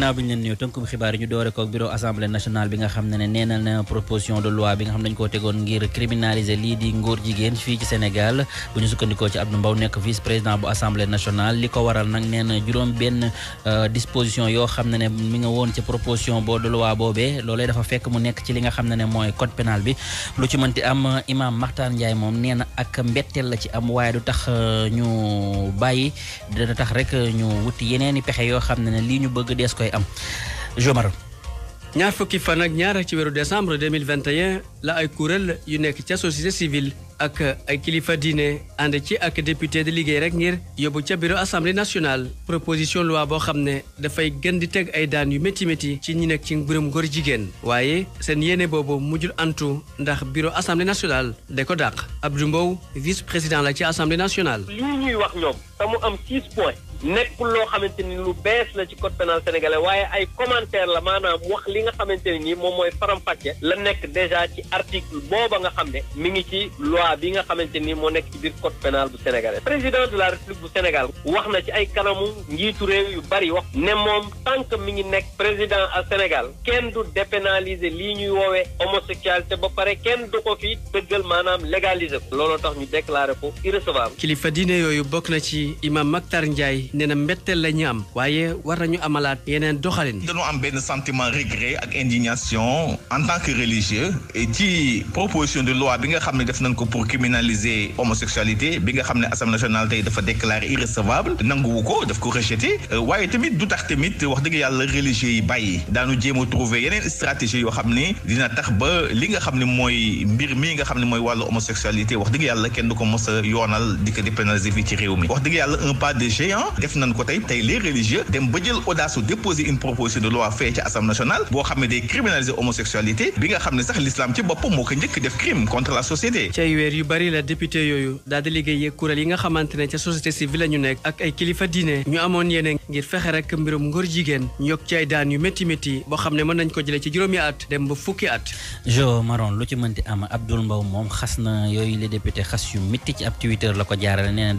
ginnaaw bi ñu leen nuyu tënkum xibaar yi ñu doore ko ak bureau assemblée nationale bi nga xam ne ne neenal proposition de loi bi nga xam ne dañu koo na juróom benn euh, disposition yoo xam ne ne mi nga woon ci proposition boo de loi boobee loolee dafa fekk mu nekk ci li nga xam ne ne mooy code pénal bi lu ci mënti am imam Makhtar Ndiaye moom nee ak mbetteel la ci am waaye du tax euh, ñu bàyyi dina tax rek euh, ñu wuti yeneeni pexe yoo xam ne ne lii ñu bëgg dees koy lay am Jomar. ñaar fukki fan ak ñaar ci weeru décembre 2021 la ay kuréel yu nekk ca société civile ak ay kilifa diine ànd ci ak député di liggéey rek ngir yóbbu ca bureau assamble nationale proposition loi boo xam ne dafay gën di teg ay daan yu métti métti ci ñi nekk ci mbirum góor jigéen waaye seen yéene boobu mujjul antu ndax bureau assemblée nationale da ko dàq Abdou Mbow vice président la ci assemblée nationale. lii ñuy wax ñoom te am six points nekkul loo xamante ni lu bees la ci code pénal sénégalais waaye ay commentaire la maanaam wax li nga xamante ne nii moom mooy faram-fàcce la nekk déjà ci article booba nga xam ne mi ngi ci loi bi nga xamante ni moo nekk ci biir cote pénal bu sénégalais président de la république bu Sénégal wax na ci ay kanamu njiitu réew yu bari wax ne moom tànk mi ngi nekk président à Sénégal kenn du dépénaliser lii ñuy woowee homosexualité ba pare kenn du ko fi dëggal maanaam légaliser ko looloo tax ñu déclaré ko irrecevable kilifa diine yooyu bokk na ci imam Maktar Ndiaye yi nee na mbetteel la ñu am waaye war nañu amalaat yeneen doxalin dañu am benn sentiment regret ak indignation en tant que religieux et ci proposition de loi bi nga xam ne def nañ ko pour criminaliser homosexualité bi nga xam ne assemblée nationale tey dafa déclaré irrecevable nanguwu ko def ko rejeté euh, waaye tamit du tax tamit wax dëgg yàlla religieux yi bàyyi daanu jéem a trouver yeneen stratégie yoo xam ni dina tax ba li nga xam ni mooy mbir mi nga xam ne mooy wàllu homosexualité wax dëgg yàlla kenn du ko mos a yoonal di ko fii ci réew wax dëgg un pas de géant def nañ ko tey tey les religieux dem ba jël audace su déposer une proposition de loi fee ci assemblée nationale boo xam ne sax l'islam ci boppam moo ko njëkk def crime contre yi nga xamante ca société civile la nekk ak ay kilifa diine ñu amoon yéene ngir fexe rek mbirum ngor jigéen ñu yokk ci ay daan yu métti métti boo xam ne mën nañ ko jëlee ci juróomi at dem ba fukki at. jo maron lu ci mënti am Abdoul Mbow moom xas na yooyu les députés xas yu métti ci la ko jaarale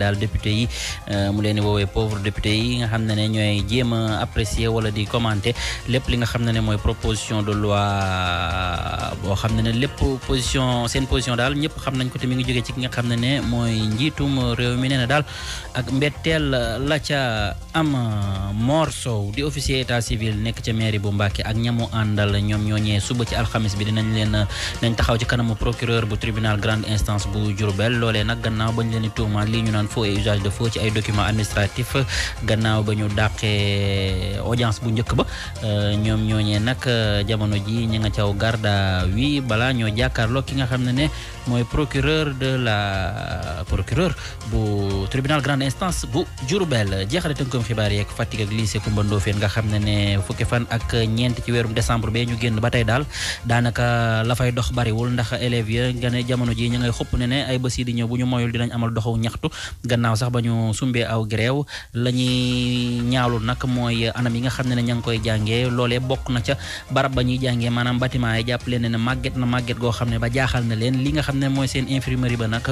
pauvre député yi nga xam ne ne ñooy jéem a wala di commenter lépp li nga xam ne ne mooy proposition de loi euh, boo xam ne ne lépp position seen position daal ñëpp xam nañ ko te mi ngi joge ci ki nga xam ne ne mooy njiitum réew mi nee daal ak mbetteel la ca am euh, Mor Sow di officier état civil nekk ca mairie bu Mbàkke ak ñamu àndal ñoom ñoo ñëwee suba ci alxamis bi dinañ leen euh, nañ taxaw ci kanamu procureur bu tribunal grande instance bu Diourbel loolee gannaaw ba ñu dàqee audience bu njëkk ba euh, ñoom ñooñee nag euh, jamono ji ñi nga caw garda wi balaa ñoo jàkkaarloo ki nga xam ne ne mooy procureur de la euh, procureur bu tribunal grande instance bu Diourbel jeexale tënkoom xibaar yeeg Fatick ak lycée Coumba Ndoffène nga xam ne ne fukki fan ak ñeent ci weerum décembre bee ñu génn ba tey daal daanaka la dox bariwul ndax élèves ya nga ne jamono ji ñu ngay xupp ne ne ay bés yi ñëw bu ñu moyul dinañ amal doxaw ñaxtu la ñuy ñaawlu nag mooy anam yi nga xam ne ne ña ngi koy jàngee loolee bokk na ca barab ba ñuy jàngee maanaam bâtiment yi jàpp leen ne màgget na màgget goo xam ne ba jaaxal na leen li nga xam ne mooy seen infirmerie ba nag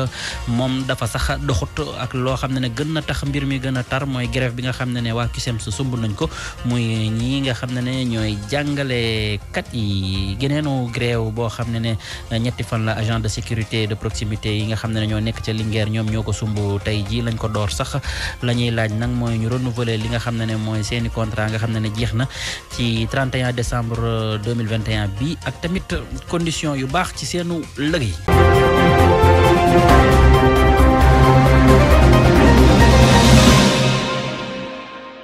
moom dafa sax doxut ak loo xam ne ne gën na tax mbir mi gën tar mooy grève bi nga xam ne ne waa CUSEMS su sumb nañ ko muy ñi nga xam ne ne ñooy jàngalekat yi geneenu grève boo xam ne ne ñetti fan la agent de sécurité de proximité yi nga xam ne ne ñoo nekk ca Linguère ñoom ñoo ko sumb tey jii lañ ko door sax lañuy laaj nag mooy ñu renouveler li nga xam ne ne mooy seeni contrat nga xam ne ne jeex na ci 31 décembre 2021 euh, bi ak tamit condition yu baax ci seenu lëg yi